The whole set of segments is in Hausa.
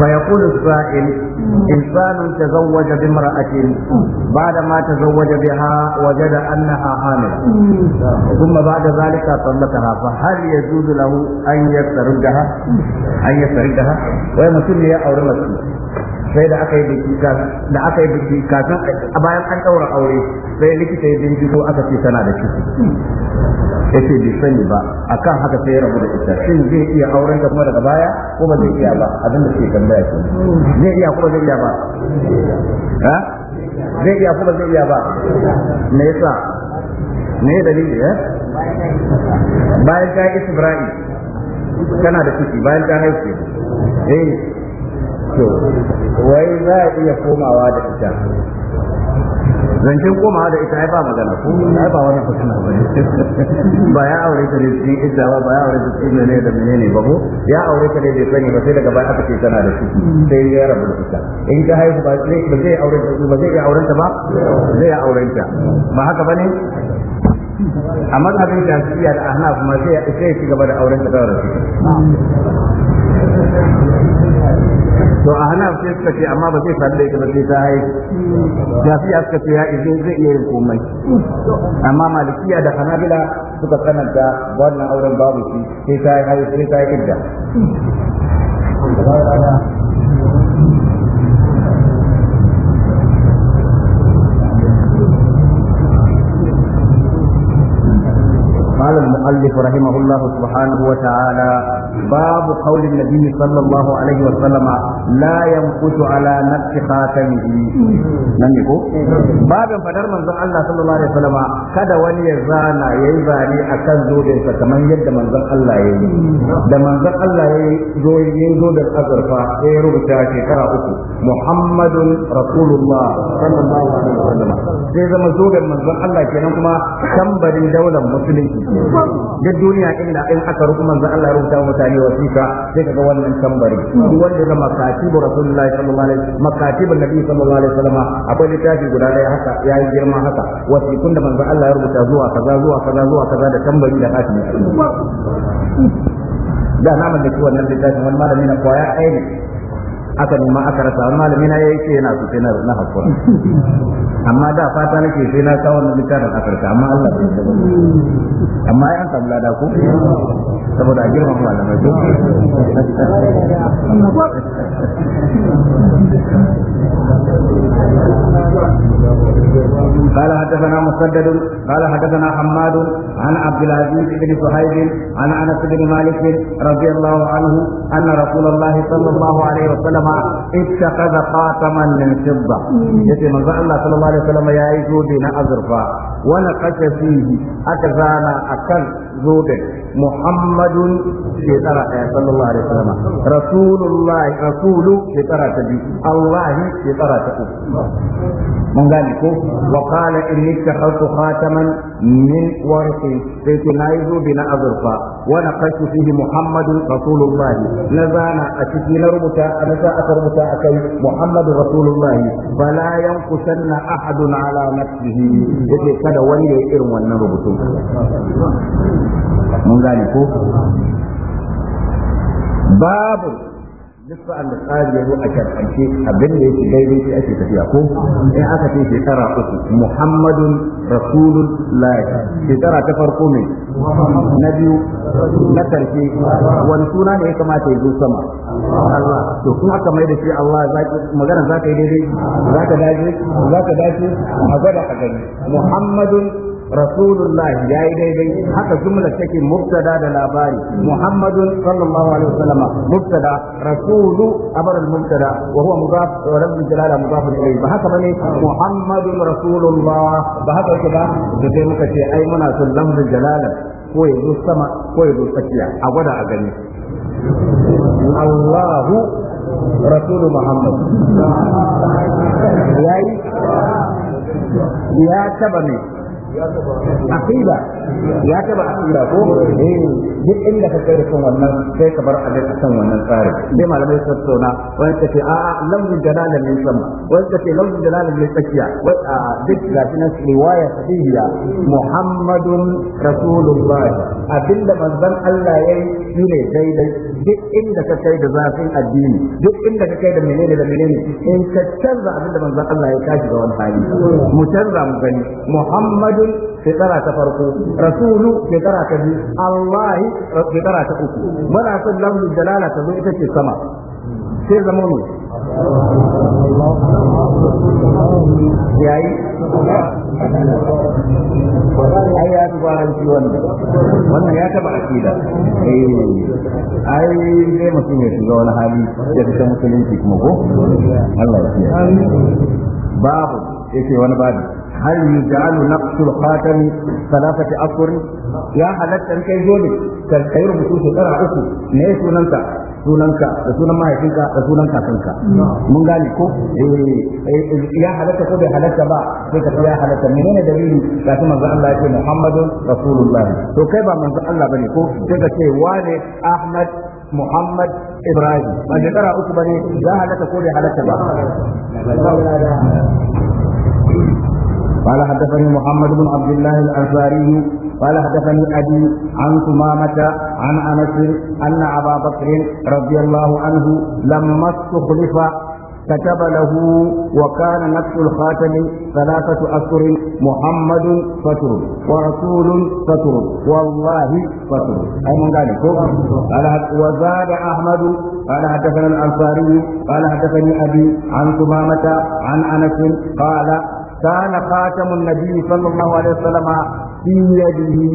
فيقول السائل إنسان تزوج بامرأة بعدما تزوج بها وجد أنها حامل ثم بعد ذلك طلقها فهل يجوز له أن يستردها أن يستردها ويمكن يا أورمتي sai da aka yi biki da aka yi biki kafin a bayan an daura aure sai likita ya ko aka ce tana da ciki ce bai sani ba akan haka sai ya rabu da ita shin zai iya auren ta kuma daga baya ko ba zai iya ba abin da ke tambaya shi zai iya kuma zai iya ba ha zai iya kuma zai iya ba me yasa me dalili ya bayan ta Isra'i kana da ciki bayan ta haife eh to wai za a iya komawa da ita zancen komawa da ita ai ba magana ko ai ba wani fitina ba ne ba ya aure ta da cikin idda ba ba ya aure ta cikin ne da menene ba ko ya aure ta ne da sani ba sai daga baya aka ce tana da shi sai ya rabu da ita in ka haihu ba zai ba zai aure ba zai aure ta ba zai aure ta ba haka bane a mazhabin shafi'iyya da ahnaf ma sai ya ci gaba da auren ta da ciki to a hana sai suka ce amma ba zai faru da ita ba sai ta haihu jafiya suka ce ya izin zai iya yin komai amma malikiya da hanabila suka tsananta wannan auren babu shi sai ta haihu sai ta yi idda المؤلف رحمه الله سبحانه وتعالى باب قول النبي صلى الله عليه وسلم لا ينقش على نفس خاتمه nan ne ko babin fadar manzon Allah sallallahu alaihi wasallam kada wani ya zana yayi zane akan zobensa kamar yadda manzon Allah yayi da manzon Allah yayi zo yayi zo da azurfa sai rubuta shekara uku Muhammadun Rasulullah sallallahu alaihi wasallam sai zama zoben manzon Allah kenan kuma tambarin daular musulunci da duniya inda in aka rubu manzo Allah rubuta mutane wasiƙa sai kaga wannan tambari duk wanda ga makatibu rasulullahi sallallahu alaihi wasallam makatibu nabi sallallahu alaihi wasallam akwai littafi guda daya haka ya yi girma haka wasiƙun da manzo Allah ya rubuta zuwa kaza zuwa kaza zuwa kaza da tambari da hatimi da na mun mallaki wannan littafin wani malami na koya aini aka nema aka rasa wani malami na yake yana su sai na hakuri amma da fata nake sai na kawo wannan littafin a karshe amma Allah ya tabbata amma ai an samu lada ko saboda a girma malamai ko قال حدثنا مسدد قال حدثنا حماد عن عبد العزيز بن صهيب عن انس بن مالك رضي الله عنه ان رسول الله صلى الله عليه وسلم اتخذ خاتما من فضه يتي من الله صلى الله عليه وسلم يا ايجو بن ازرفا wani kashe fihi aka zana kan zoben muhammadun shekara nayi zobe na azurfa wa naqashu fihi muhammadun a ciki na rubuta na sa aka rubuta akai muhammadun rasulullahi fala kada irin wannan gane ko babu duk sa'an da tsari ya zo a shar'ance abin da yake daidai sai ake tafiya ko in aka ce shekara uku muhammadun rasulun laika shekara ta farko ne na biyu na karshe wani suna ne ya kamata ya zo sama to kun aka mai da shi Allah magana za ka yi daidai za ka dace za ka dace a gwada a gani muhammadun rasulullahi yi daidai haka jumla take mubtada da labari Muhammadu sallallahu alaihi wasallam mubtada rasulu abar al-mubtada wa huwa mudaf wa rabbi jalala mudaf ilayhi ba haka bane muhammadun rasulullah ba haka yake ba da sai muka ce ai muna son lafzul jalala ko ya zo sama ko ya zo tsakiya a gwada a gani Allahu Rasulu Muhammad yayi ya taba ne Arriba ya taba asira ko eh, duk inda ka kai kan wannan sai ka bar alai kan wannan tsari sai malamai sun tsona wai ta ce a'a lafzin dalalan min sama wai ta ce lafzin dalalan min tsakiya wai a duk gashi nan riwaya sahihiya muhammadun rasulullah abinda manzon Allah yayi shine daidai duk inda ka kai da zafin addini duk inda ka kai da menene da menene in ka canza abinda manzon Allah ya kashi ga wani hali mu canza mu gani muhammadun shekara ta farko rasulu shekara ta biyu Allah eh, shekara ta uku muna son lafzul jalala ta zo ita ce sama sai zama ne yayi ai ya tuba ran ciwon wannan ya taba akida eh ai dai mutum ya shiga wani hali ya fita musulunci kuma ko Allah ya kiyaye babu yake wani babu hal na naqsul khatami thalathati ashhur ya halatta kai dole ka kai rubutu shekara uku ne sunanka sunanka sunan mahaifinka da sunan mun gane ko ya halatta ko bai halatta ba ya halatta menene dalili ga shi manzo Allah ya ce Muhammadun Rasulullahi to kai ba manzo Allah bane ko sai ka ce wane Ahmad Muhammad Ibrahim ba shekara uku bane ya halatta ko bai halatta ba قال حدثني محمد بن عبد الله الأنصاري قال حدثني أبي عن ثمامة عن أنس أن أبا بكر رضي الله عنه لما استخلف كتب له وكان نفس الخاتم ثلاثة أسر محمد فتر ورسول فتر والله فتر أي من ذلك قال وزاد أحمد قال حدثنا الأنصاري قال حدثني أبي عن ثمامة عن أنس قال كان خاتم النبي صلى الله عليه وسلم fi yadihi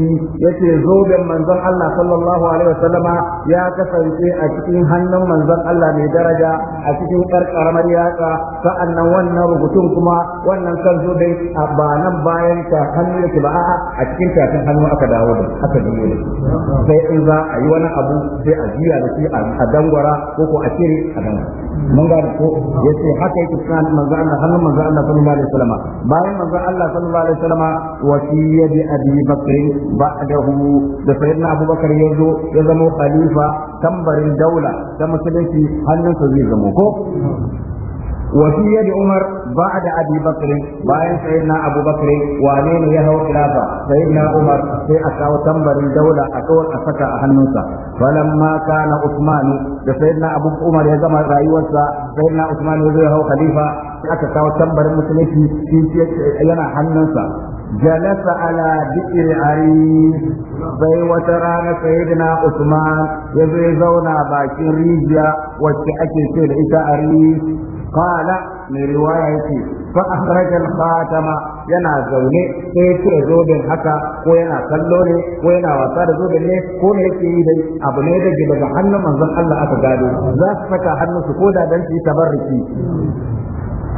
yace zoben manzon Allah sallallahu alaihi wasallama ya kasance a cikin hannun manzon Allah mai daraja a cikin kar karamar yatsa sa'annan wannan rubutun kuma wannan kan zoben ba nan bayan ta hannu yake ba a'a a cikin tafin hannu aka dawo da aka biyo da sai in za a yi wani abu sai a jiya da shi a dangwara ko ko a cire a dangwara mun ga ko yace haka yake kan manzon Allah hannun manzon Allah sallallahu alaihi wasallama bayan manzon Allah sallallahu alaihi wasallama wasiyya أبي بكر بعده سيدنا أبو بكر يزو يزمو خليفة تنبر الدولة تمثلتي هل نسوي زموكو وفي يد عمر بعد ابي بكر باين سيدنا ابو بكر وانين يهو خلافه سيدنا عمر في اكاو تنبر الدوله اكو اسكا اهنوسا فلما كان عثمان سيدنا ابو عمر يا زمان رايوسا سيدنا عثمان يهو خليفه aka kawo tambarin musulunci shi yana hannunsa جلس على بئر عريس sai wata rana sayyidina Usman ya zai zauna bakin rijiya wacce ake ce da ita aris qala mai ruwa yake fa akhraja al-khatama yana zaune sai ya cire zoben haka ko yana kallo ne ko yana wasa da zoben ne ko ne yake yi dai abu ne da daga hannun manzon Allah aka gado za su saka hannu su koda dan su yi tabarruki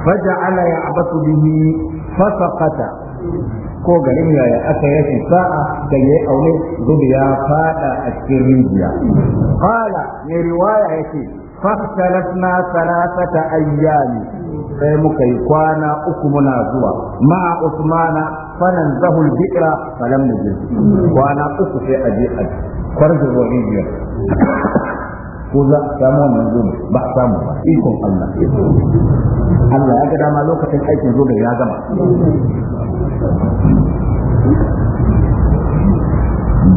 faja'ala basu bihi fasaqata ko garin yaya aka yi rashin sa'a da ya aure zubi ya fada a cikin rijiya Kala ne riwaya yake fakhtalafna salasata ayyami sai muka yi kwana uku muna zuwa ma usmana fanan zahul bi'ra falam nujid kwana uku sai aje a kwarjin rijiyar ko za a samu wannan zuwa ba a samu ba ikon Allah Allah ya ga dama lokacin aikin zo da ya gama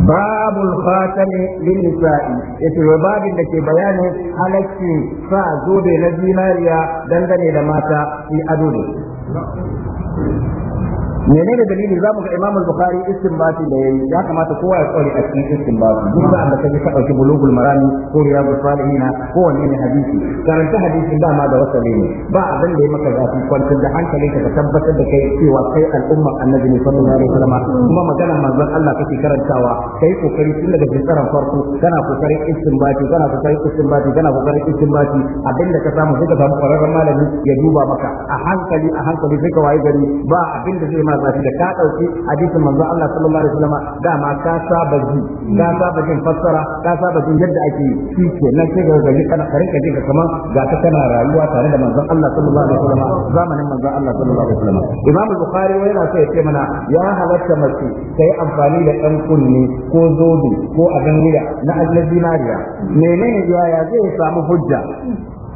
باب الخاتم للنساء yace wa babin da ke bayanin halacci sa zobe na zinariya dangane da menene dalili mu ga Imam Bukhari istinbati da yayi ya kamata kowa ya kware a cikin istinbati duk da aka kaje ka dauki bulugul marami ko riyadu salihin ko wani hadisi karanta hadisin dama da wasale ne ba abin da ya maka zafi kwantar da hankali ka tabbatar da kai cewa kai al'umma annabi ne sallallahu alaihi wasallam kuma magana manzon Allah kake karantawa kai kokari tun daga tsaron farko kana kokarin istinbati kana kokarin istinbati kana kokarin istinbati abin da ka samu sai ka samu kwararren malami ya duba maka a hankali a hankali sai ka gari ba abin da zai ma karanta shi da ka dauki hadisin manzo Allah sallallahu alaihi wasallam dama ka saba ji ka saba jin fassara ka saba jin yadda ake yi shi ke nan sai ga ji kana karin ka jinka kamar ga ka kana rayuwa tare da manzon Allah sallallahu alaihi wasallam zamanin manzon Allah sallallahu alaihi wasallam Imam Bukhari wai yana so ya ce mana ya halatta mace kai amfani da ɗan kunni ko zobe ko abin wuya na ajnabi nariya menene ya zai samu hujja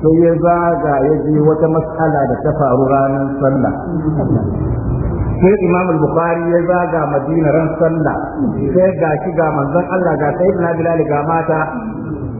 sai ya zaga ya je wata matsala da ta faru ranar sallah sai imam al-bukhari ya zaga madina ran sallah sai ga shi ga manzon Allah ga sayyidina bilal ga mata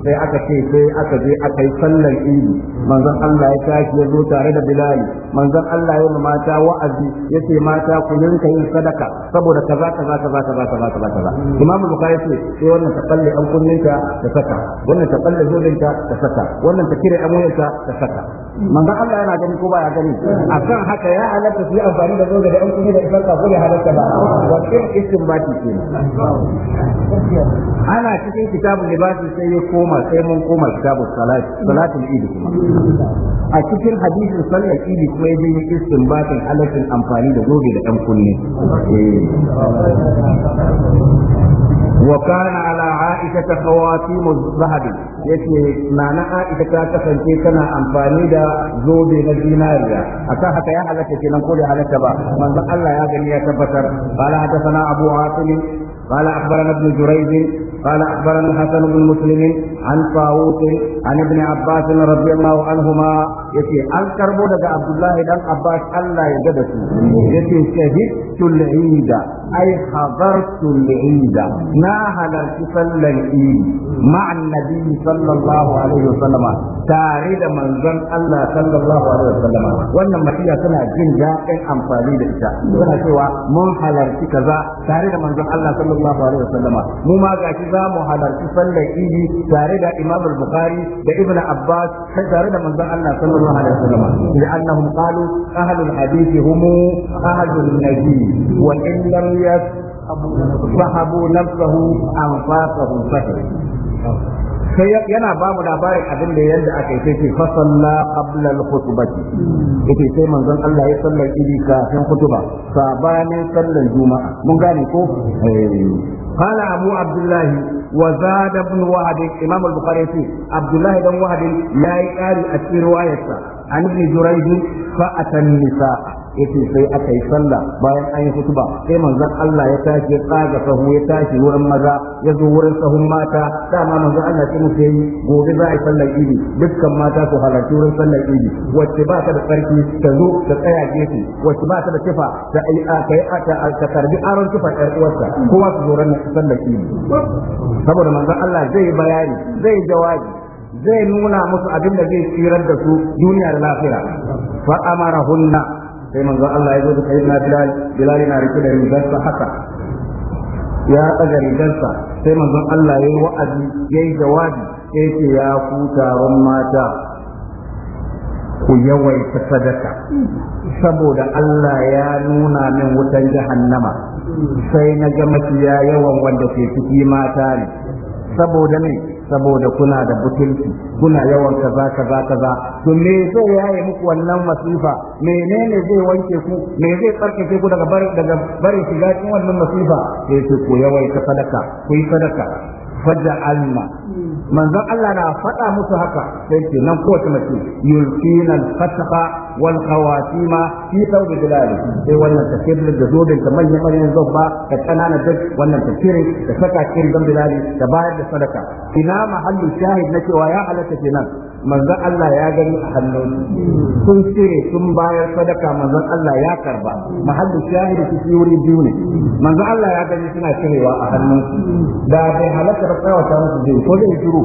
sai aka ce sai aka je aka yi sallar idi manzon Allah ya tashi ya zo tare da bilali manzon Allah ya mata wa'azi yace mata ku yanka yin sadaka saboda kaza kaza kaza kaza kaza kaza kaza ka Bukhari ce sai eh, wannan ta kalle an ka ta saka wannan ta kalle zolinka ta saka wannan ta kire amoyarka ta saka manzon Allah yana gani ko baya gani akan haka ya halatta su yi amfani da zoga da an kunni da ifarka ko da halatta ba wakin istinbati kenan ana cikin kitabun libasi sai ya koma koma sai mun koma kitabu salatul idi kuma a cikin hadisin sallar idi kuma ya yi istinbatin halaccin amfani da zobe da dan kunne وكان على عائشة خواتيم الذهب yace nana Aisha ta kasance tana amfani da zobe na zinariya akan haka ya halatta kenan ko da halatta ba manzon Allah ya gani ya tabbatar qala hadathana abu asim qala akhbarana ibn jurayz قال أخبرنا الحسن بن مسلم عن طاووس عن ابن عباس رضي الله عنهما يتي أنكر بودك عبد الله بن عباس ألا يجدك يتي شهدت العيد أي حضرت العيد ناهل صلى العيد مع النبي صلى الله عليه وسلم تاريد من ظن الله صلى الله عليه وسلم wannan mafiya suna jin daɗin amfani da ita suna cewa mun halarci kaza tare da manzon Allah sallallahu alaihi wasallam mu ma gashi za mu halarci sallar idi tare da Imam al-Bukhari da Ibn Abbas sai tare da manzon Allah sallallahu alaihi wasallam li annahum qalu ahlul hadith hum ahlun nabi wa in lam yas sahabu nafsahu an fasahu fahim sai yana ba mu labarin abin da yadda aka yi sai fa salla qabla al-khutbati yake sai manzon Allah ya sallar idi kafin khutba sabanin sallar juma'a mun gane ko eh قال أبو عبد الله وزاد ابن وهب إمام البخاري عبد الله بن وهب لا يقال في روايته an ibn jurayj fa atan nisa yace sai aka yi sallah bayan an yi hutuba sai manzon Allah ya tashi ya tsaga sahu ya tashi wurin maza ya zo wurin sahun mata dama manzon Allah sai musu yi gobe za a yi sallar idi dukkan mata su halarci wurin sallar idi wacce ba ta da tsarki ta zo ta tsaya wacce ba ta da kifa ta yi aka yi ta karbi aron kifa ɗan uwarsa kowa su zo ran sallar idi saboda manzon Allah zai yi bayani zai yi jawabi zai nuna musu abin da zai tsirar da su duniya da lafiya fa hunna. sai manzo Allah ya zo da sayyidina Bilal Bilal na rike da rigarsa haka ya ɗaga rigarsa sai manzo Allah ya yi wa'azi ya yi jawabi ya ce ya ku taron mata ku yawaita sadaka saboda Allah ya nuna min wutan jahannama sai na ga mafiya yawan wanda ke ciki mata ne saboda ne saboda kuna da butulci kuna yawan kaza kaza kaza to me zai yaye muku wannan masifa menene zai wanke ku me zai tsarkake ku daga bari daga bari shiga cikin wannan masifa sai ku yawaita sadaka ku yi sadaka alma manzon Allah na faɗa musu haka sai ce nan kowace mace yulkina al-fatqa wal khawatima fi thawb bilal sai wannan ta kirle da zobin ta manya manyan zobba da kanana duk wannan ta kire da saka kirgan bilal da bayar da sadaka ina mahallu shahid na cewa ya halatta kenan manzon Allah ya gani a hannun sun cire sun bayar sadaka manzon Allah ya karba mahallu shahid su wuri biyu ne manzon Allah ya gani suna cirewa a hannun da bai halatta ba tsawata musu ko zai shiru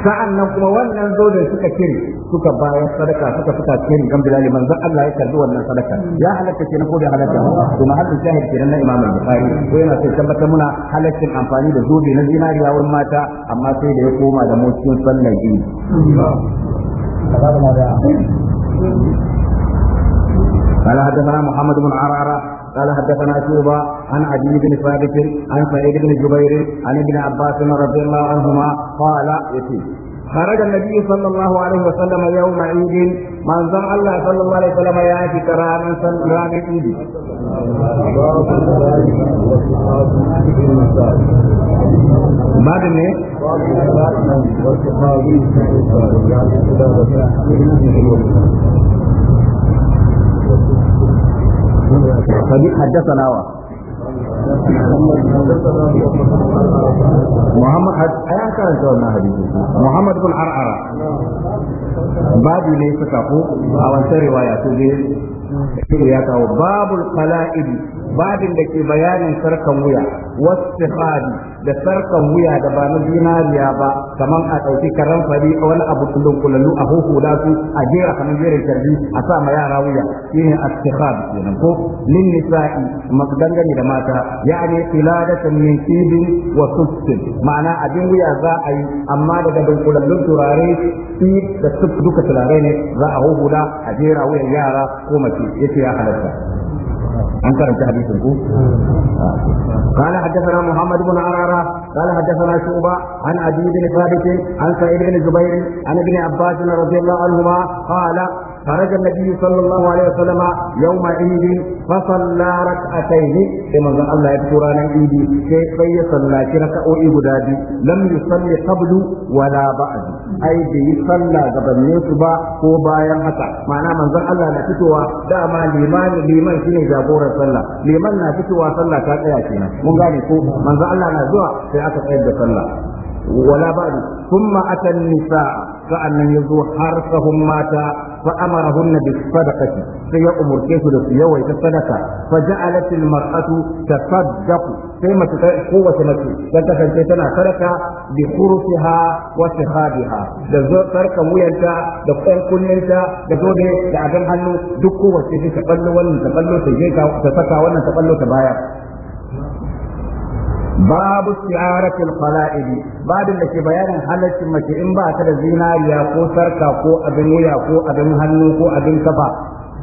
sa'an nan kuma wannan zo suka kiri suka bayar sadaka suka suka kiri dan bilal manzan Allah ya karbi wannan sadaka ya halatta kenan ko bai halatta to mahallin shahid kenan na Imam Bukhari ko yana sai tabbatar muna halaccin amfani da zobe na zinariya wurin mata amma sai da ya koma da motsin sallar gini قال حدثنا محمد بن عرارة قال حدثنا شوبا عن عدي بن ثابت عن سعيد بن جبير عن ابن عباس رضي الله عنهما قال يتي خرج النبي صلى الله عليه وسلم يوم عيد من زم الله صلى الله عليه وسلم يأتي كراما سلام عيد بعد ne حدثنا محمد أنا كان جوانا حديثي محمد بن عرعرة بابي ليس كفو أو أنت رواية da ya kawo babul qala'idi babin da ke bayanin sarkan wuya wasifadi da sarkan wuya da ba na zinariya ba kaman a ɗauki karan fari a wani abu kullum kullallu a da su a jera kaman jerin tarbi a sa ma yara wuya shine astifad kenan ko lin nisa'i dangane da mata yani qiladatan min tibin wa sustin ma'ana abin wuya za a yi amma daga dunkulallun turare tib da duka turare ne za a da a jera wuyan yara ko mace yace ya halatta an karanta hadisin ku قال حدثنا محمد بن عرارة قال حدثنا شعبة عن عدي بن ثابت عن سعيد بن جبير عن ابن عباس رضي الله عنهما قال خرج النبي صلى الله عليه وسلم يوم عيد فصلى ركعتين كما قال الله يذكران عيد كيف صلى ركعوي غدادي لم يصلي قبل ولا بعد اي بي صلى غبنين ba ko bayan haka ma'ana manzon Allah na fitowa dama liman liman shine jagoran sallah liman na fitowa sallah ta tsaya kenan mun gane ko manzon Allah na zuwa sai aka tsayar da sallah wala ba'du nisa atan nisaa sa'annan yazo har sahun mata فأمرهن بالصدقة في أمر كيف يوي الصدقة فجعلت المرأة تصدق كما قوة مثل فتكن تتنا صدقة بخرفها وشخابها دزور صدقة وينتا دقون كنينتا دزور دعجم هنو دقوة تتقلو ونن تقلو تجيكا تسكا ونن تقلو تبايا babu siyaratul qala'idi babin da ke bayanin halaccin mace in bata da zinariya ko sarka ko abin wuya ko abin hannu ko abin kafa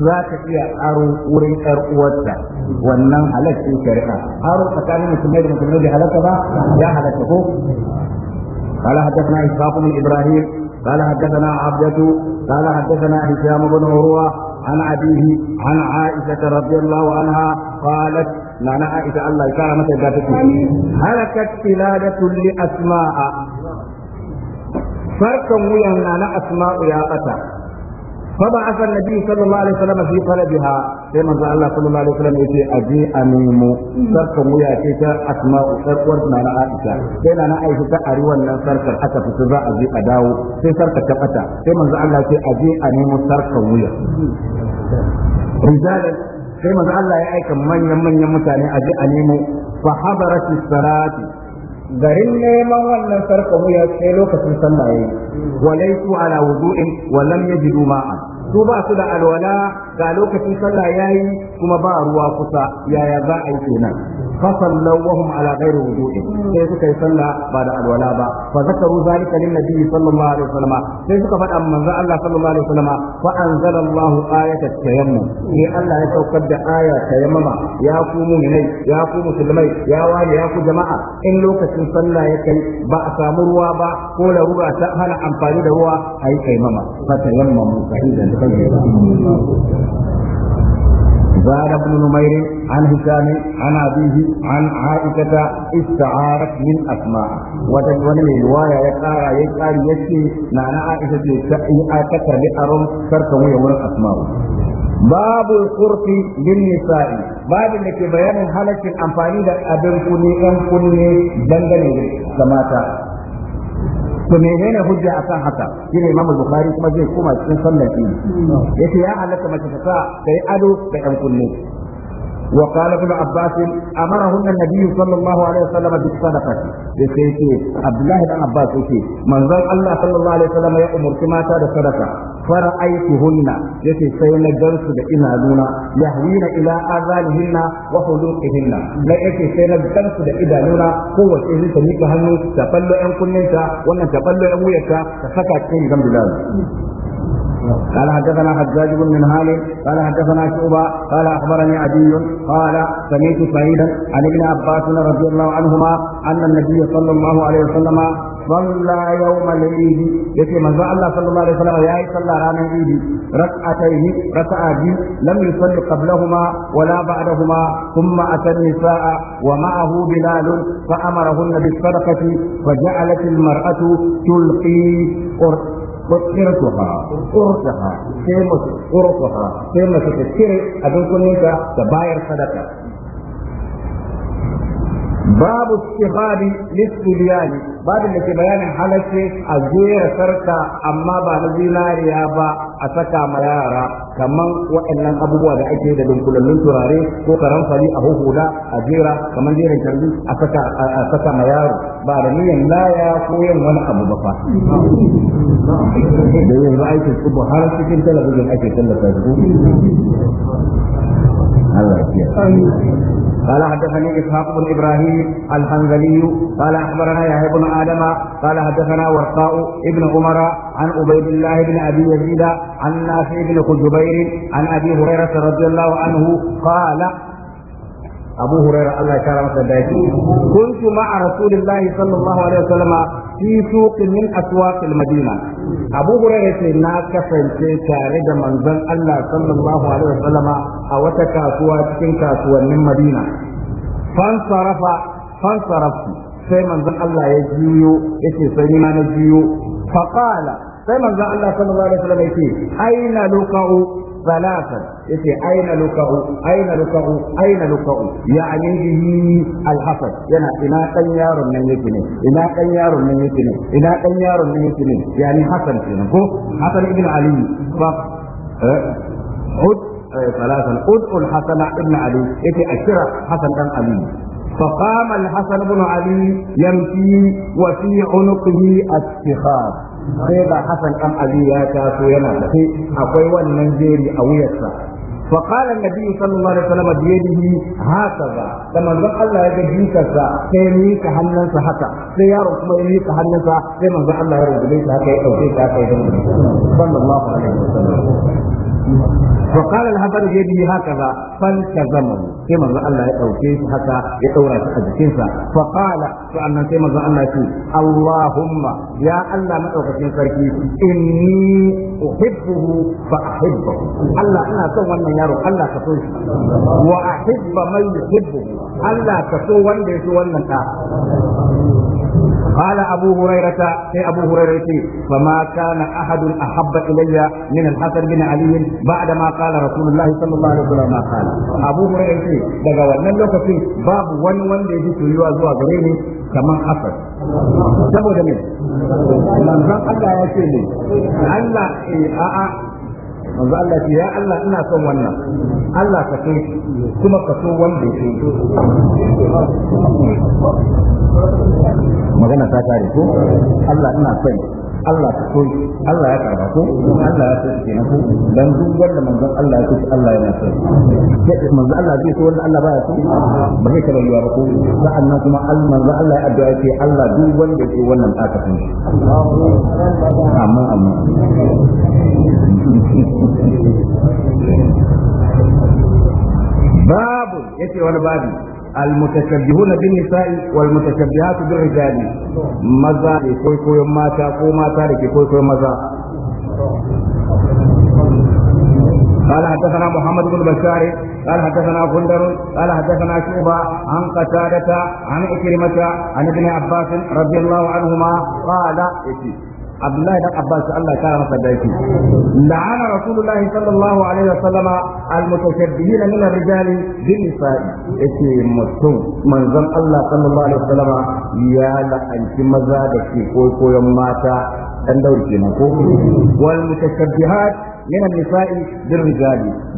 za ta iya aro wurin ƴar uwarta wannan halaccin shari'a aro tsakanin musulmai da musulmai da ba ya ko قال حدثنا إسحاق بن إبراهيم قال حدثنا عبدة قال حدثنا هشام بن عروة عن أبيه عن عائشة رضي الله عنها قالت nana Aisha Allah ya kara mata da take halakat filadatul li asma'a farkan wuyan nana asma'u ya bata فبعث النبي صلى الله عليه وسلم في قلبها sai manzo Allah sallallahu alaihi wasallam yace aje a nemo sarkar mm. wuya ce ta asma'u sarkwar nana Aisha sai nana Aisha ta ari wannan sarkar aka fita za a je a dawo sai sarkar ta bata. sai manzo Allah yace aje a nemo sarkar wuya mm. rijalan sai manzo Allah ya aika manyan manyan mutane a ji a nemo fa habarati garin neman wannan sarkamu ya sai lokacin sallah yayi walaitu ala wudu'in wa lam yajidu ma'an su ba su da alwala ga lokacin sallah yayi kuma ba ruwa kusa yaya za a yi kenan fa sallau ala ghairi wudu'in sai suka yi sallah ba da alwala ba fa zakaru zalika lin nabi sallallahu alaihi wasallam sai suka faɗa manzo Allah sallallahu alaihi wasallam fa anzala Allah ayata tayammum ne Allah ya saukar da aya tayammama ya ku mu'minai ya ku musulmai ya wani ya ku jama'a in lokacin sallah ya kai ba a samu ruwa ba ko da ta hana amfani da ruwa ayi tayammama fa sahihan زاد ابن نمير عن هشام عن أبيه عن عائشة استعارت من أسماء وتجون من رواية يقارى يقارى يشكي نعنى عائشة تأيئتك لأرم تركم يوم الأسماء باب القرط للنساء باب لك بيان حالك أنفاني دا أبن كني أم كني دنجني كما to ne hujja akan haka shine Imam Bukhari kuma zai koma cikin sallar ya hmm. yace ya halatta mace ta sai ado da ɗan kunne وقال ابن عباس امرهن النبي صلى الله عليه وسلم بالصدقه بسيتي عبد الله بن عباس يقول من ذا الله صلى الله عليه وسلم يامر كما تاد صدقه فرأيتهن يتي سينا جنس بإنا دونا يهوين الى اذانهن وحلوقهن لا يتي سينا جنس بإنا دونا قوة إذن تنيك هنو تفلو أن كننتا وانا تفلو أن ويكا تفكا كين جنب الله قال حدثنا حجاج بن منهال قال حدثنا شعبة قال أخبرني عدي قال سمعت سعيدا عن ابن عباس رضي الله عنهما أن النبي صلى الله عليه وسلم صلى يوم العيد يتي من الله صلى الله عليه وسلم يا صلى رانا العيد ركعتين ركعة لم يصلي قبلهما ولا بعدهما ثم أتى النساء ومعه بلال فأمرهن بالصدقة فجعلت المرأة تلقي kirkuha kurkuha sai mu kurkuha sai mu cire abin kunninka da bayar sadaka babu istihabi lissuliyani babin da ke bayanin halarci a jera sarka amma ba na zinariya ba a saka ma yara kaman waɗannan abubuwa da ake da dunkulallun turare ko karamfani a huhuda a jera kaman jerin tarbi a saka ma yaro ba da niyan laya ko yin wani abu ba fa da yanzu aikin su har cikin talabijin ake tallata su Allah ya قال حدثني إسحاق بن إبراهيم الحنظلي قال أخبرنا يحيى بن آدم قال حدثنا ورقاء ابن عمر عن عبيد الله بن أبي يزيد عن نافع بن خزبير عن أبي هريرة رضي الله عنه قال abu huraira Allah ya kara masa daki kuntu ma'a rasulillahi sallallahu alaihi wasallam fi suqin min aswaqil madina abu huraira ce na kasance tare da manzon Allah sallallahu alaihi wasallam a wata kasuwa cikin kasuwannin madina fansarafa fansarafu sai manzon Allah ya juyo yace sai ni na juyo faqala sai manzon Allah sallallahu alaihi wasallam yace aina ثلاثا يتي أين لكأ أين لكأ أين لكأ يعني به الحسد ينا إنا كان يار من يتني إنا كان يار من يتني إنا كان يار من يتني يعني حسن كنكو حسن ابن علي ف عد ثلاثا ادعو الحسن ابن علي يتي أشرة حسن بن علي فقام الحسن بن علي يمشي وفي عنقه السخاب sai ga Hassan dan Ali ya taso yana tafi akwai wannan jeri a wuyarsa فقال النبي صلى الله عليه وسلم بيده هكذا كما ذا الله يجي جيكسا سيميك حننسا حتى سيارة كما يميك حننسا سيما ذا الله يرد بيك هكا يأوكيك هكا صلى الله عليه وسلم fa qala al-hasan yadi hakaza faltazama sai manzo Allah ya dauke shi haka ya daura shi a jikin sa fa qala to annan sai manzo Allah ya ce Allahumma ya Allah na madaukakin sarki inni uhibbuhu fa ahibbuhu Allah ina son wannan yaro Allah ka so shi wa ahibba man yuhibbu Allah ka so wanda ya so wannan ta قال أبو هريرة أي أبو هريرة فما كان أحد أحب إلي من الحسن بن علي بعدما قال رسول الله صلى الله عليه وسلم ما قال أبو هريرة daga wannan lokacin babu wani wanda ya ji soyuwa zuwa gare ni kamar Hassan saboda me manzon Allah ya ce ne Allah a'a manzo Allah ce ya Allah ina son wannan Allah ka so kuma ka so wanda yake magana ta kare ko Allah ina son Allah ta so Allah ya karba ko Allah ya so ko dan duk wanda manzon Allah ya so Allah so manzon Allah zai so wanda Allah so ba zai karba ba ko sa'annan kuma manzon Allah ya addu'a Allah duk wanda ke wannan aka amma amma babu yace wani babu المتشبهون بالنساء والمتشبهات بالرجال ماذا كوي كوي ماتا كو ماتا كوي كوي ماذا قال حدثنا محمد بن بشار قال حدثنا غندر قال حدثنا شعبة عن قتادة عن إكرمة عن ابن عباس رضي الله عنهما قال abdullahi dan abbas Allah ya kara masa daki la'ana rasulullahi sallallahu alaihi wasallama almutashabbihin min ar-rijali bin nisa'i yace mutum manzon Allah sallallahu alaihi wasallama ya la'anci maza da ke koyon mata dan daure kenan ko wal mutashabbihat min an-nisa'i bir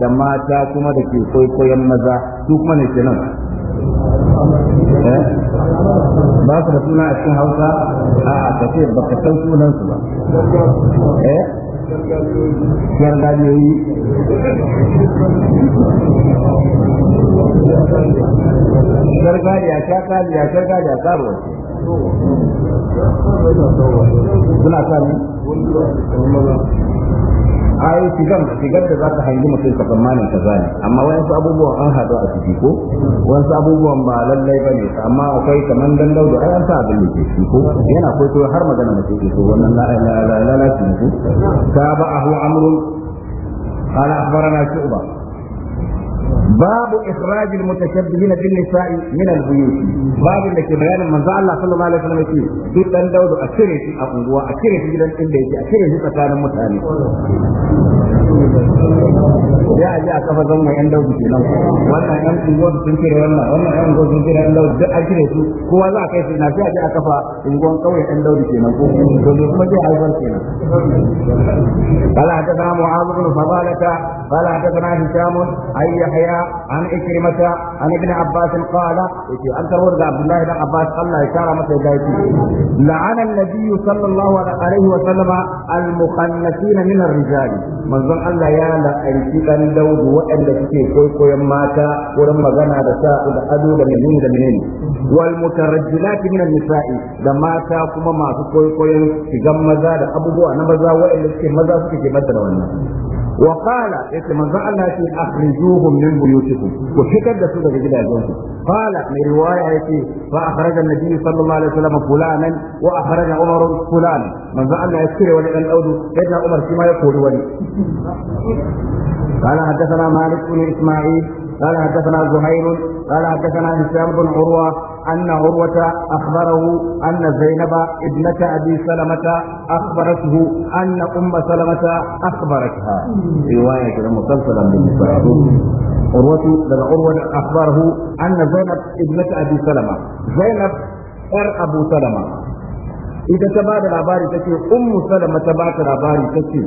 da mata kuma da ke kwaikwayon maza su kuma ne kenan eh? ba su da suna a cikin Hausa a ka ce baka san sunan ba eh? ayoyi sigar da sigar da zaka hangi sai ka tsammanin ka zane amma su abubuwan an hadu a ciki ko wasu abubuwan ba lallai bane amma akwai kaman dan daudu ai an sa abin da ke ciki ko yana to har magana mu ke to wannan la la la la la ka ba ahu amrun قال akhbarana شعبة باب إخراج المتشبهين بالنساء من البيوت باب لك بيان من زعل الله صلى الله عليه وسلم يقول دوت أن دود أكره في أقوى أكره في جلد إلا يجي أكره في سكان متاني يا أجي أكفى زمو أن دود في نوم وانا أن أقوى بسنكر وانا وانا أن أقوى بسنكر أن دود أكره في هو ذا كيف يا أجي أكفى إنقوان قوي أن دود في نوم دود مجي أيضا في نوم قال حدثنا معاذ بن فضالة قال حدثنا هشام أي يحيى عن إكرمة عن ابن عباس قال أن ترور عبد الله بن عباس الله يشار مسجداتي لعن النبي صلى الله عليه وسلم المخنثين من الرجال منظر الله يا لأنتي لن دود وأن تكي كوي كوي ماتا ولما غنى دساء الأدو لمنين لمنين والمترجلات من النساء لما تاكما ما كوي كوي تجمزا لأبوه أنا مزا وأن تكي مزا تكي مزا وقال يتمنى الله أخرجوهم من min buyutikum ku fitar da su daga gidajensu qala mai riwaya yace fa akhraja an-nabi sallallahu alaihi wasallam fulanan wa akhraja umar fulan manzo Allah ya cire wani dan daudu sayyidina umar shi ma ya kori wani قال حدثنا مالك بن isma'il قال حدثنا زهير قال حدثنا هشام بن عروة أن عروة أخبره أن زينب ابنة أبي سلمة أخبرته أن أم سلمة أخبرتها رواية كده مسلسلا بالنسبة عروة لما عروة أخبره أن زينب ابنة أبي سلمة زينب أر أبو سلمة ita ta ba da labari ta ce ummu salama ta ba ta labari ta ce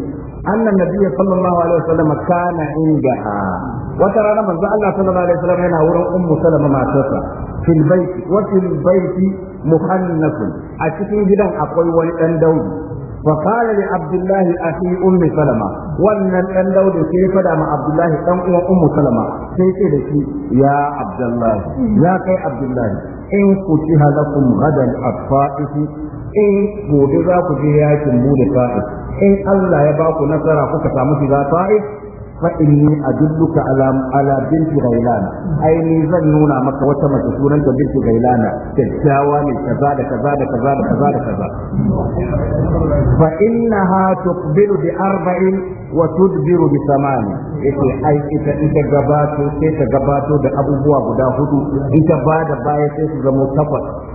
annan nabiyyi sallallahu alaihi wasallam kana inda wata rana manzo Allah sallallahu alaihi wasallam yana wurin ummu salama matarsa fil baiti wa fil baiti muhannasun a cikin gidan akwai wani dan daudi فقال لعبد الله اخي ام سلمة wannan dan daudu sai fada ma abdullahi dan uwan ummu salama sai ce da shi ya abdullahi ya kai abdullahi in kutiha lakum ghadan at-ta'ifi in gobe za ku je yakin bude ta'if in Allah ya ba ku nasara kuka samu shiga ta'if fa inni adulluka ala ala binti gailana ai ni zan nuna maka wata mace sunanta binti gailana kyakkyawa ne kaza da kaza da kaza da kaza da kaza fa innaha tuqbilu bi arba'in wa tudbiru bi thamani yace ai ita ita gabato sai gabato da abubuwa guda hudu ita ba da baya sai su zama takwas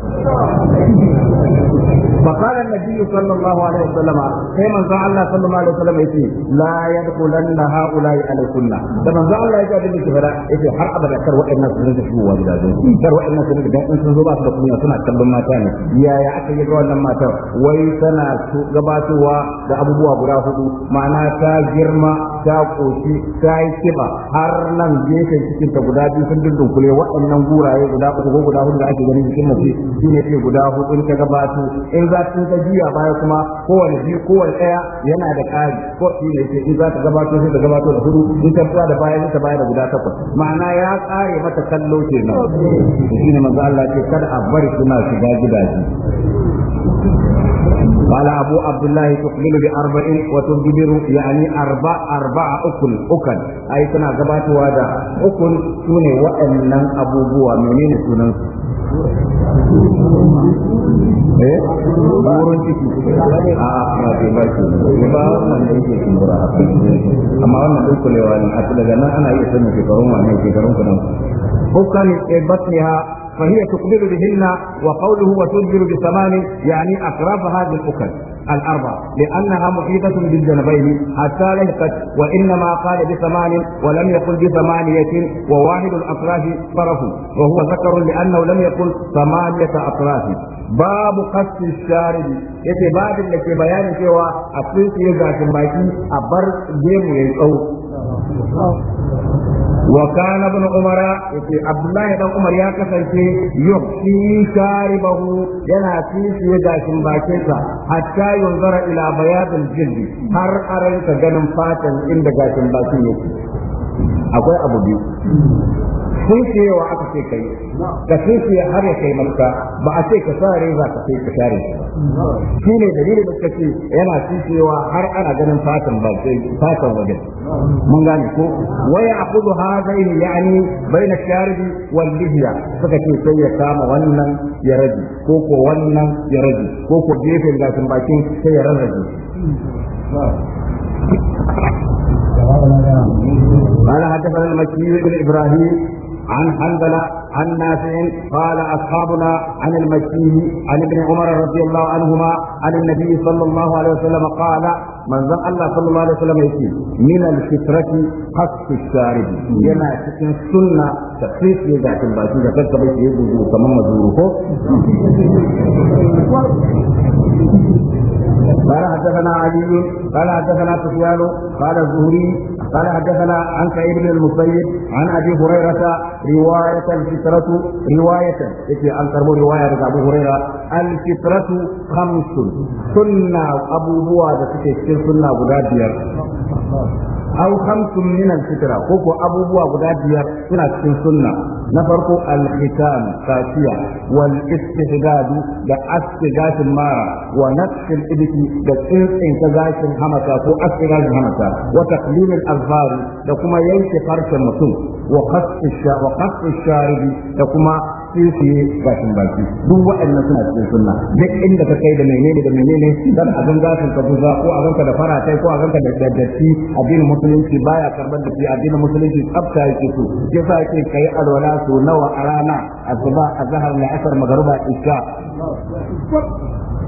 فقال النبي صلى الله عليه وسلم كما زعل الله صلى الله عليه وسلم يتي لا يدخلن هؤلاء على السنة كما زعل الله يجاب لك فلا يتي حر أبدا كر وإن الناس لن تشوه وجد ذلك كر وإن الناس لن تشوه إن سنزوا بات لكم يسنع كبا ما كان يا يا أكا يدروا لما تر ويسنع غباتوا دا أبو بوا براه معنا تا جرما تا قوشي تا يتبا har nan gefen cikin ta guda biyu sun dindin kule waɗannan guraye guda uku ko guda hudu da shi ne guda hudu in ka in za in ka jiya baya kuma kowane biyu kowane ɗaya yana da ƙari ko shi ne ce in za ka gabato sai ka da hudu in ka da baya ta baya da guda takwas ma'ana ya ƙare mata kallo kenan shi ne manzo Allah ce kada a bari suna shiga gidaje قال أبو عبد الله تقبل بأربع وتدبر يعني أربع أربع أكل أكل أي سنة قبات وادا أكل وأنن أبو بوا منين eh burin ciki a a ke ba ke ne ba wannan da yake kumbura a kan amma wannan duk kulewa ne a daga nan ana iya sanin shekarun wane shekarun kudan hukkan batniha فهي تقبل بهن وقوله وتدبر بثمان يعني أكرافها بالأكل الأربع لأنها محيطة بالجنبين حتى لهقت وإنما قال بثمان ولم يقل بثمانية وواحد الأطراف طرف وهو ذكر لأنه لم يقل ثمانية أطراف باب قص الشارب يتي باب اللي في بيان سوى أصيص يزاك باكي أبر جيم يلقو wa kana ibn umara yace abdullahi dan umar ya kasance yuqi bahu yana tisi gashin bakin sa hatta yunzara ila bayadil jildi har aranka ganin fatan inda gashin bakin yake akwai abu biyu wa aka ce kai ka ce har ya kai maka ba a ce ka sare za ka sai ka share shi shi ne dalilin da suka ce yana sunkuyewa har ana ganin fatan ba fatan waje mun gane ko waya akudu hadaini yani baina sharbi wal lihya suka ce sai ya kama wannan ya rage ko ko wannan ya rage ko ko gefen gashin bakin sai ya rage قال حدثنا المكي بن ابراهيم عن حنبلة عن نافع قال أصحابنا عن المكي عن ابن عمر رضي الله عنهما عن النبي صلى الله عليه وسلم قال من ذا الله صلى الله عليه وسلم يقول من الفطرة قصف الشارب ينا تكن سنة تخفيف يدعك الباشي إذا كنت بيت يجوز تمام مزوره قال حدثنا علي قال حدثنا سفيان قال الزهري قال حدثنا عن سعيد بن المسيب عن ابي هريره روايه الفطره روايه يتي عن كربو روايه daga ابو هريره الفطره خمس سنه ابو بوا da suke cikin sunna guda biyar aw khamsun min fitra ko ko abubuwa guda biyar suna cikin sunna na farko al-khitam kafiya wal istihdad da astigashin mara wa nafs al da tsintsin gashin hamata ko astigashin hamata wa taqlim al-azfar da kuma yanke harshen mutum wa qas ash da kuma yi bakin baki duk waɗannan suna cikin sunna duk inda ka kai da menene da menene dan abin zafin ka buza ko a ka da fara kai ko a ka da datti addinin musulunci baya karɓar da addinin musulunci tsafta yake so sa yake kai alwala so nawa a rana asuba azhar asar magruba isha mene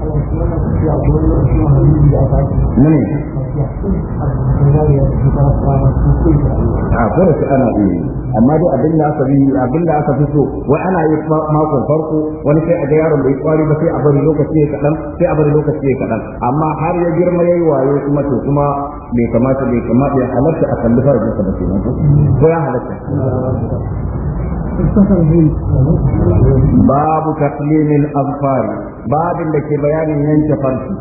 a ana iya amma dai abin da aka yi abin da aka fi so wai ana yi makon farko wani sai a ga yaron bai kwari ba sai a bari lokaci ya kaɗan sai a bari lokaci ya kaɗan amma har ya girma ya yi kuma to kuma bai kamata bai kamata ya a kalli farajinsa ba ko ya babu taqlimil azfar babin da ke bayanin yanke farki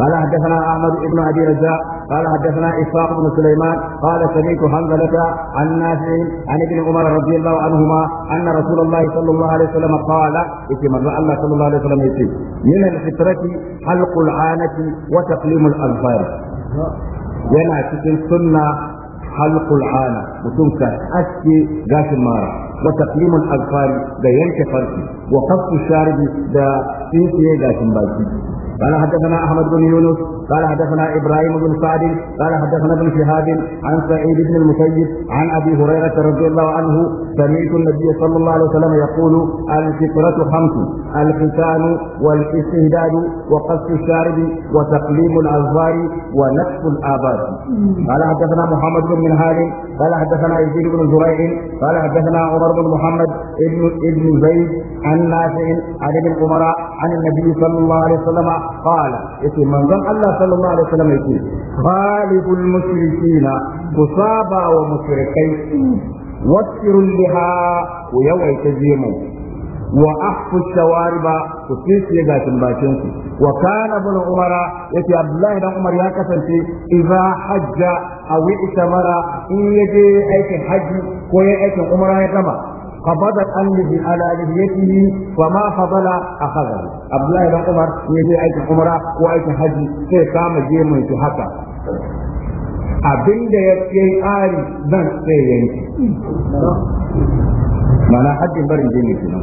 قال حدثنا احمد بن ابي رجاء قال حدثنا اسحاق بن سليمان قال سمعت حنظله عن نافع عن ابن عمر رضي الله عنهما ان رسول الله صلى الله عليه وسلم قال اسم الله صلى الله عليه وسلم يسير من الفطره حلق العانه وتقليم الاظفار yana cikin sunna halqul ana mutum ka aske gashin mara wa taqlimul azfari da yanke farki wa qasfu da tsintsiye gashin baki قال حدثنا احمد بن يونس قال حدثنا ابراهيم بن سعد قال حدثنا ابن شهاب عن سعيد بن المسيب عن ابي هريره رضي الله عنه سمعت النبي صلى الله عليه وسلم يقول الفطره خمس الختان والاستهداد وقص الشارب وتقليم الاظفار ونكف الاباد قال حدثنا محمد بن منهال قال حدثنا يزيد بن زريع قال حدثنا عمر بن محمد ابن ابن زيد عن نافع عن ابن عمر عن النبي صلى الله عليه وسلم qala yace manzon Allah sallallahu alaihi wasallam yake khaliful mushrikina kusaba wa mushrikai wasirul liha ku yawaita jemu wa ahfu shawariba ku tsiye gashin bakin ku wa kana ibn umara yace abdullahi dan umar ya kasance idza hajja aw itamara in yaje aikin haji ko ya aikin umara ya gama قبضت أنه على لحيته a فضل أخذه عبد الله بن عمر يجي أيك عمرة وأيك حج في كام جيم في حكا abin da ya ce ƙari zan sai yanki mana hajjin barin jini kenan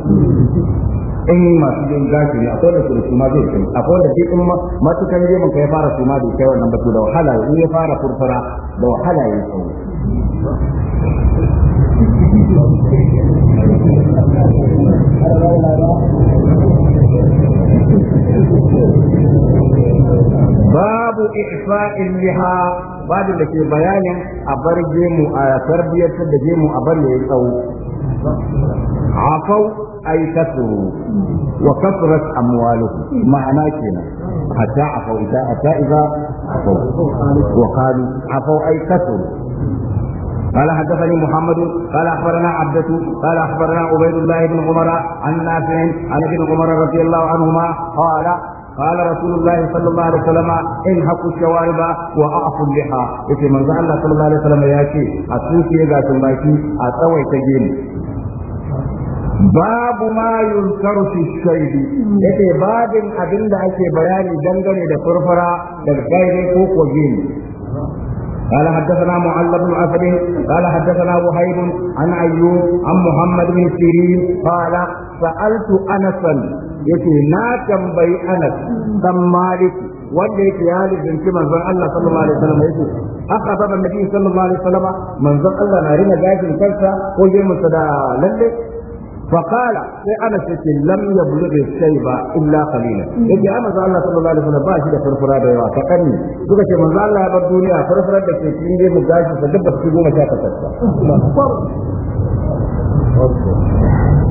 in masu yin gashi ne akwai da su su ma zai kai akwai da duk ma masu kan je mun kai fara su ma da wahala ya fara da wahala ya babu ifa'in liha babu da ke bayanin a bar gemu a tarbiyyar da gemu a bar yayi tsawo afau ay kasru wa kasrat amwalu ma'ana kenan hatta afau ita ta, idza afau wa qalu afau ay kasru قال حدثني محمد قال اخبرنا عبدة قال اخبرنا عبيد الله بن عمر عن نافع عن ابن عمر رضي الله عنهما قال قال رسول الله صلى الله عليه وسلم انهقوا الشوارب واعفوا اللحى يتي من الله صلى الله عليه وسلم ياتي اتوكي ga tumbaki a tsawaita gemu babu ma yunkaru fi shaidi yace babin abin da ake bayani dangane da furfura da gaire ko ko gemu قال حدثنا معل بن عفر قال حدثنا وهيب عن ايوب عن محمد بن سيرين قال سالت انسا yace na tambayi anas dan malik wanda yake ya lizinci manzon Allah sallallahu alaihi wasallam yace haka ba nabi sallallahu alaihi wasallam manzon Allah na rina gashin kansa ko gemunsa da lalle فقال في أنا سكي لم يبلغ الشيبة إلا قليلا يجي أنا زال الله صلى الله عليه وسلم باشي ده فرفرا ده يوا فقني دوكا شي من زال الله بالدنيا فرفرا ده كي تين دي مجاشي فدبت في قومة شاكا تسا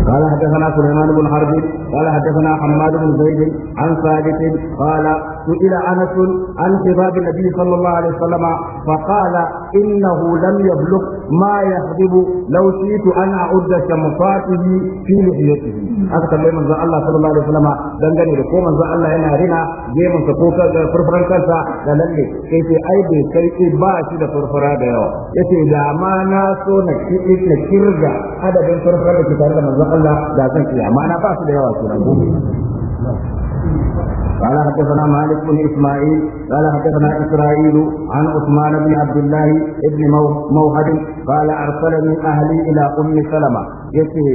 قال حدثنا سليمان بن حرب قال حدثنا حماد بن زيد عن ثابت قال سئل انس عن خطاب النبي صلى الله عليه وسلم فقال انه لم يبلغ ما يخضب لو شئت ان اعد شمفاته في لحيته aka tambayi manzo Allah sallallahu alaihi wasallam dangane da ko manzo Allah yana rina gemun sa ko furfuran kansa da lalle sai sai ai bai kai ba shi da furfura da yawa yace da ma na so na kirga adadin furfura da ke tare da manzo Allah da zan iya na ba su da yawa kenan ko قال حدثنا مالك بن اسماعيل قال حدثنا اسرائيل عن عثمان بن عبد الله بن موهد قال ارسلني اهلي الى ام سلمه يتي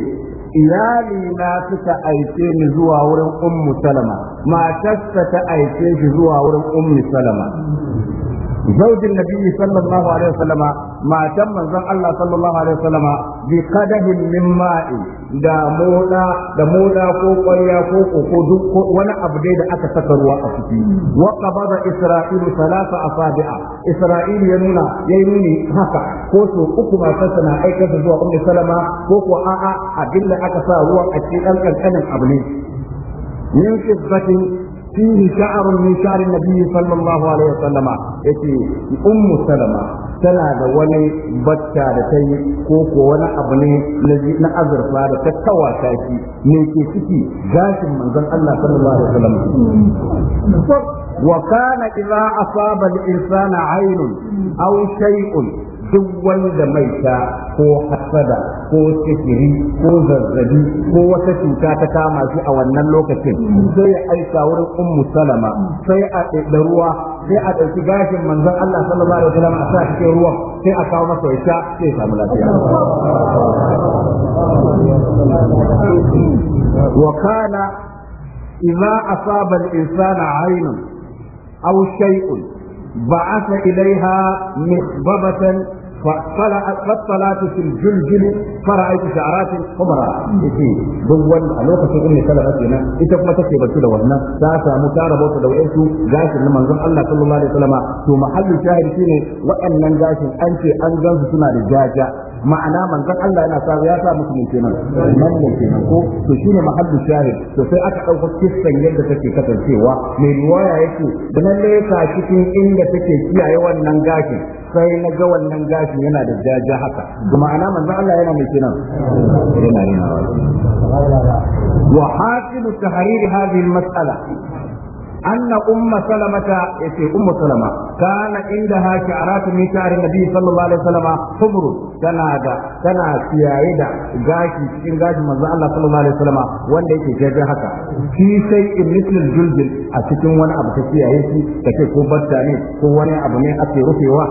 iyali na suka aike ni zuwa wurin ummu salama matarsa ta aike shi زوج النبي صلى الله عليه وسلم ما تم زن الله صلى الله عليه وسلم بقدح من ماء da da moda ko ƙwarya ko koko duk wani abu dai da aka saka ruwa a ciki wa qabada isra'ilu salasa asabi'a isra'ilu ya nuna yayi nuni haka ko so uku ba kansa na aikata zuwa ummu salama ko ko a'a abin da aka sa ruwa a cikin dan kankanin abu ne min fitbatin فيه شعر من شعر النبي صلى الله عليه وسلم يتي أم سلمة tana da wani bacca da ta yi ko wani abu ne na azurfa da ta kawata shi ne ke ciki gashin manzon Allah sallallahu alaihi wasallam wa kana idza asaba al-insana duk wanda maita ko hasada ko sikiri ko zazzabi ko wata cuta ta kama shi a wannan lokacin sai ya aika wurin ummu salama sai a da ruwa sai a ɗauki gashin manzon Allah sallallahu alaihi wasallam a sa cikin ruwa, sai a kawo masa wata sai ya samu lafiya wa kana idza asaba al-insana 'aynun aw shay'un ba'atha ilayha mihbabatan فاطلعت في الجلجل فرأيت شعرات حمراء يجي دوان لوكا في أمي كلا رسينا إذا كما تكي بلتو دوهنا ساسا متاربو تدوئيسو جاش من منظر الله صلى الله عليه وسلم ثم محل الشاهد فيني وأن من جاش أنت أنجاز سنة رجاجة ma'ana manzon Allah yana sa ya sa musu kenan nan ne kenan ko to shine mahallu shahid to sai aka dauko kissan yadda take kasancewa mai riwaya yake da nan ne ka cikin inda take kiyaye wannan gashi sai na ga wannan gashi yana da jaja haka to ma'ana manzon Allah yana mai kenan yana yana wa hakimu tahrir hadhihi al-mas'ala أن أم سلمة يسي أم سلمة كان عندها شعرات من شعر النبي صلى الله عليه وسلم حمر تنادى تنا سيايدا غاشي cikin gashin manzo Allah alaihi wasallam wanda yake gaje haka shi sai in mislil juljul a cikin wani abu ta da shi kace ko batta ne ko wani abu ne ake rufewa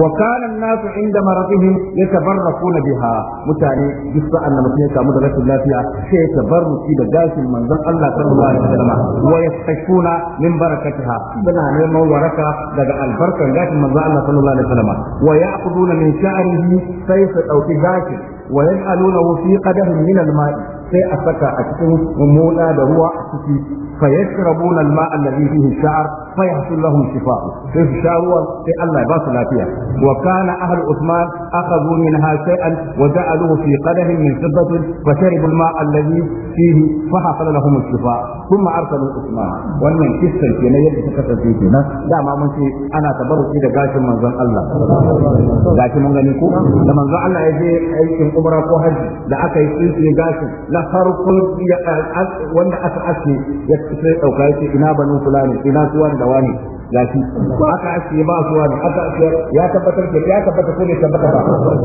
وكان الناس عند مرضهم يتبركون بها متاني جس أن مسلم كامو درس الله فيها شيء تبرك إذا جاس المنزل الله صلى الله عليه وسلم ويستشفون من بركتها بنا نعم وركة لدى البركة جاس المنزل الله صلى الله عليه وسلم ويأخذون من شعره سيف أو تجاك ويجعلونه في قدهم من الماء sai a saka a cikin mumuna da ruwa a ciki fa yashrabuna al-ma'a alladhi fihi sha'r fa yahsul lahum shifa sai su sha ruwa sai Allah ya ba su lafiya wa kana ahlu usman akhadhu minha shay'an wa ja'aluhu fi qadahin min fiddatin fa sharibu al-ma' alladhi fihi fa hasala lahum shifa arsalu usman wannan yadda kenan dama mun ce ana tabarruki da gashin manzon Allah mun gani ko da manzon Allah ya je aikin umra ko haji da aka yi tsintsiye gashin wanda aka ya sai dauka yace ina banu fulani ina suwan da wani gashi aka aske ba su wani aka aske ya tabbatar ke ya tabbata ko bai tabbata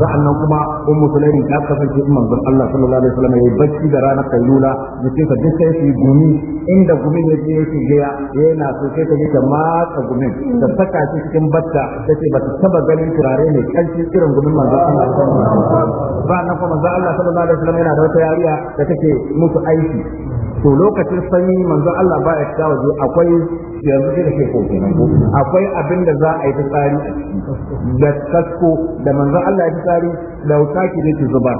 ba nan kuma ummu sulaimi ta kasance in manzon Allah sallallahu alaihi wasallam yayi bacci da ranar kailula da ce ka duk sai gumi inda gumi ya je yake gaya yana so sai ka yake matsa gumin da saka shi cikin batta da ce ba ta taba ganin turare mai kanci irin gumin manzon Allah sallallahu alaihi wasallam sa'annan kuma manzon Allah sallallahu alaihi wasallam yana da wata yariya da take musu aiki to lokacin sanyi manzon Allah ba ya fita waje akwai yanzu da ke kofi akwai abin da za a yi tsari a ciki da kasko da manzo Allah ya tsari da wutaki ne ki zuba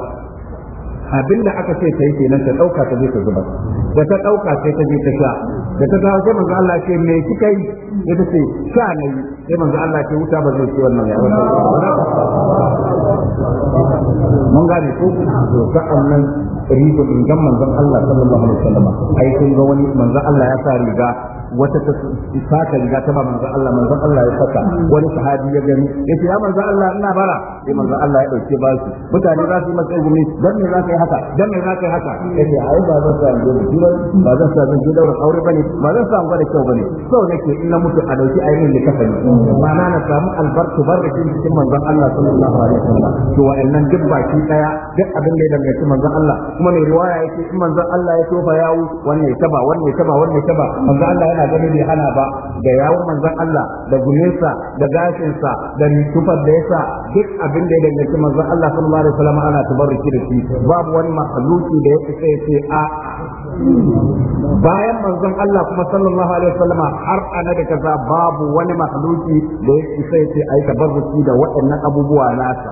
abin da aka ce ta yi kenan ta ɗauka ta je ta zuba. da ta ɗauka sai ta je ta sha da ta kawo sai manzo Allah ce me kika yi ya ta ce sha na yi sai manzo Allah ce wuta ba zai ci wannan ya mun gane ko to sa'an nan rigo dingan manzon Allah sallallahu alaihi wasallam ai kun ga wani manzo Allah ya sa riga wata ta saka riga ta ba manzon Allah manzon Allah ya saka wani sahabi ya gani yace ya manzon Allah ina bara sai manzon Allah ya dauke ba su mutane za su yi masa izini. dan ne za ka yi haka dan ne za ka yi haka yace ai ba zan sa ni ba ba zan sa ni da aure bane ba zan sa gwada kyau bane so nake in na mutu a dauki ainihin min kafa ne ma'ana na samu albarku barkin cikin manzon Allah sallallahu alaihi wasallam to wa'annan duk baki daya duk abin da ya danganci manzon Allah kuma mai riwaya yake in manzon Allah ya tofa yawo wannan ya taba wannan ya taba wannan ya taba manzon Allah yana yana gani bai hana ba da yawon manzon Allah da gulinsa da gashinsa da tufar da yasa duk abin da ya danganci manzon Allah sallallahu alaihi wasallam ana tabarruki da shi babu wani makhluki da yake sai sai a bayan manzon Allah kuma sallallahu alaihi wasallam har ana da kaza babu wani makhluki da yake sai sai ai tabarruki da waɗannan abubuwa nasa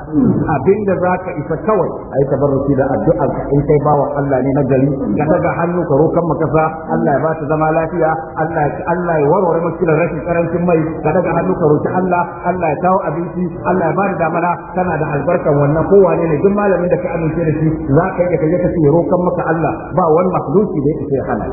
abinda zaka isa kawai ai tabarruki da addu'a in kai bawa Allah ne na gari ka daga hannu ka rokan maka Allah ya ba ta zama lafiya Allah Allah Allah ya warware matsalar rashin karancin mai ka daga hannu ka roki Allah Allah ya kawo abinci Allah ya bada damala kana da albarkan wannan kowane ne duk malamin da ka amince da shi za ka iya ka je ka ce rokan maka Allah ba wani makhluki da yake sai hana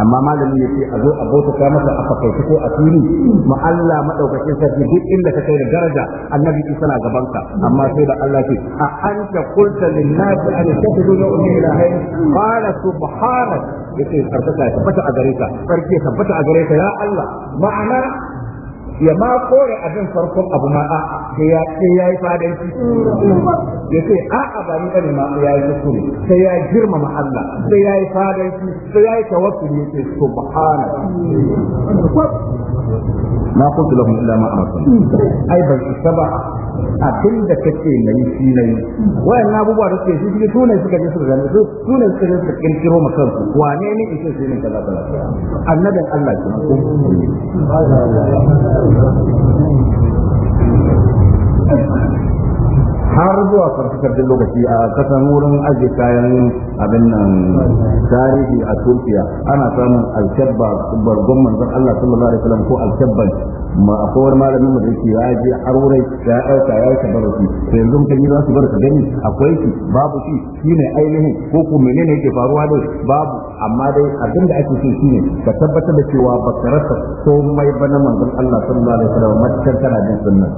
amma malami ya ce a zo a bautata masa a fakaici ko a fili ma Allah madaukakin sarki duk inda ka kai da daraja annabi isa na gaban ka amma sai da Allah ce a anta qulta lin nasi an tattakhudhu min ilahin qala subhanak yace sarkaka tabbata a gare ka sarki tabbata a gare ka ya Allah ma'ana ya ma kore abin farkon abu ma a sai ya yi fadar shi. ya ce a a ba ni bane ma ya yi kuskure sai ya girmama Allah sai yayi shi sai yayi tawakkuli ya ce subhana Na kuntu lahum illa ma amartum ai ban isa ba abin da kake nayi shi nayi wayannan abubuwa da suke shi su ne suka je suka gane su su suka je suka kirkiro ma kansu wane ne ita sai ne kaza kaza annabin Allah ke har zuwa farfikar da lokaci a kasan wurin ajiye kayan abin nan tarihi a turkiya ana samun alkabba bargon manzon Allah sallallahu alaihi wasallam ko alkabban ma akwai wani malamin mutum ke ya je har wurai ya ɗauka ya yi su, to yanzu yi za su bar ka gani akwai shi babu shi ne ainihin ko ko menene yake faruwa ne babu amma dai abin da ake so ne, ka tabbatar da cewa ba ka rasa komai ba na manzon Allah sallallahu alaihi wasallam matukar kana bin sunnar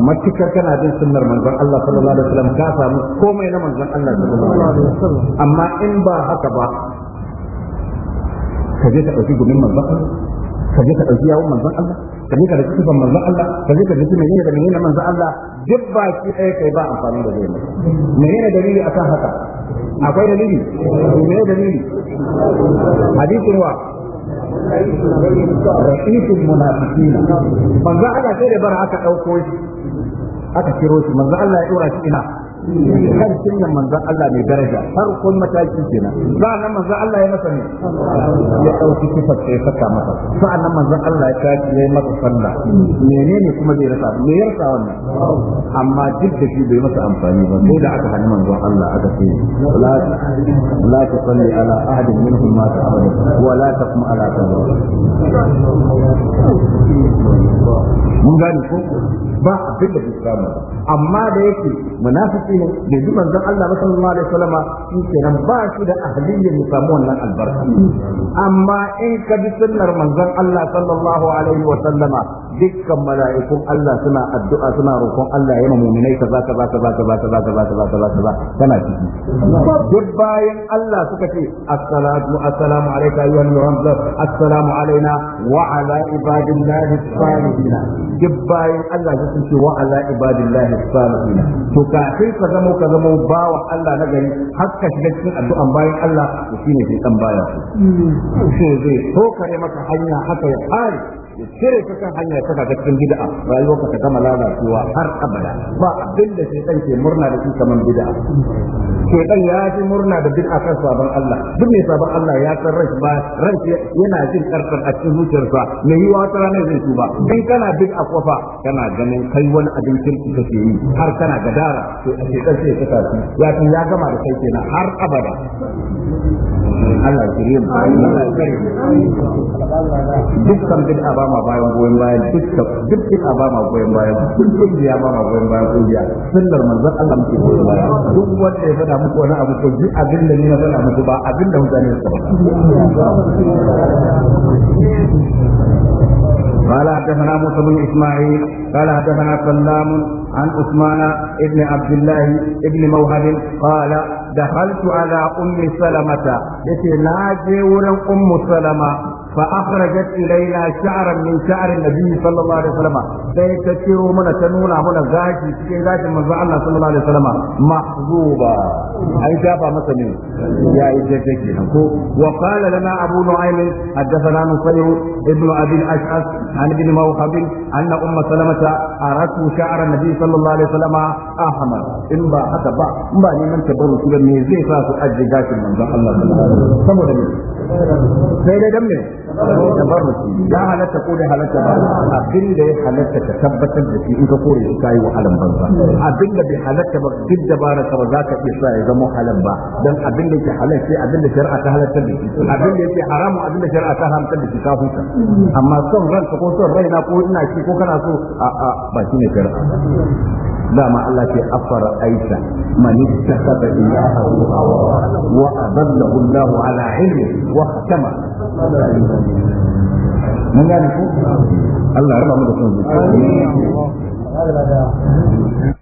matukar kana bin sunnar manzon Allah sallallahu alaihi wasallam ka samu komai na manzon Allah sallallahu alaihi wasallam amma in ba haka ba ka je ka ɗauki gumin manzon Allah ka je ka dauki yawon manzon Allah ka je ka dauki sifan manzon Allah ka je ka dauki menene da menene manzon Allah duk ba ki ɗaya kai ba amfani da zai maka yana dalili akan haka akwai dalili menene dalili hadisin wa rafiqul munafiqin manzon Allah sai da bar aka dauko shi aka kiro shi manzon Allah ya ɗora shi ina kan sunnan manzon Allah mai daraja farkon mataki kenan sa'annan manzon Allah ya masa ne ya dauki kifar sai saka masa sa'annan manzon Allah ya tashi ya masa sallah menene kuma zai rasa me ya rasa wannan amma duk da shi bai masa amfani ba ko da aka hana manzon Allah aka ce la la tusalli ala ahadin minhum ma ta'abada wa la taqum ala qabri mun gane ko ba abin da bai samu amma da yake munafiki ne bai ji manzon Allah ba sallallahu alaihi wasallam shi kenan ba shi da ahliyyar ya samu wannan albarka amma in ka bi sunnar manzon Allah sallallahu alaihi Wasallama. dukkan mala'ikun Allah suna addu'a suna roƙon Allah ya mu'minai kaza kaza kaza kaza kaza kaza kaza kaza kaza kana ciki duk bayan Allah suka ce assalamu assalamu alayka ayyuha al-muhammad assalamu alaina wa ala ibadillahi salihin duk bayan Allah ya ce wa ala ibadillahi salihin to kafin ka zama ka zama bawa Allah na gari har ka shiga cikin addu'an bayan Allah to shine sai dan baya so zai so kare maka hanya haka ya fare ya cire ka kan hanya saka ka cikin bid'a rayuwarka ta gama lalacewa har abada ba abin da shi ke murna da shi kaman bid'a shedan ya ji murna da bid'a kan sabon Allah duk mai sabon Allah ya san rai ba yana jin karfar a cikin zuciyarsa me yi tara ranar zai tuba in kana bid'a kofa kana ganin kai wani abin kirki kake yi har kana gadara to a ce kace ya ya ya gama da kai kenan har abada Allah ya shirye mu dukkan bid'a ba ma bayan goyen bayan dukkan duk bid'a ba ma goyen bayan kun ba ma bayan manzon Allah muke goyen duk wanda ya fada muku wani abu ko duk abin da ni na fada ba abin da mutane قال حدثنا موسى بن اسماعيل قال حدثنا سلام عن عثمان ابن عبد الله ابن موهب قال دخلت على أم سلمة يتي ناجي ورن أم سلمة فأخرجت إلينا شعرا من شعر النبي صلى الله عليه وسلم سيتكير من تنونا من غاشي سكين غاشي من الله صلى الله عليه وسلم محظوبا أي شابا مثلا يا إجتكي وقال لنا أبو نعيم حدثنا نصير ابن أبي الأشعث عن ابن موهب أن أم سلمة أرته شعر النبي صلى الله عليه وسلم أحمر إن با حتى با ما لمن تبرو سلمي زي فاسو أجي غاشي من الله صلى الله عليه وسلم سيدة دمي tabarruki ya halatta ko da halatta ba abin da ya halatta ka tabbatar da shi in ka kore shi kai wa halan banza abin da bai halatta ba duk da ba ka ba za ka iya sa ya zama halan ba dan abin da yake halal sai abin da shari'a ta halatta da shi abin da yake haramu abin da shari'a ta haramta da shi ka huta amma son ranka ko son raina ko ina shi ko kana so a a ba shine shari'a dama Allah ce afara aisa man ittakhadha ilahahu hawa wa adallahu Allah ala ilmi wa mun gane ko Allah ya raba mu da son zuciya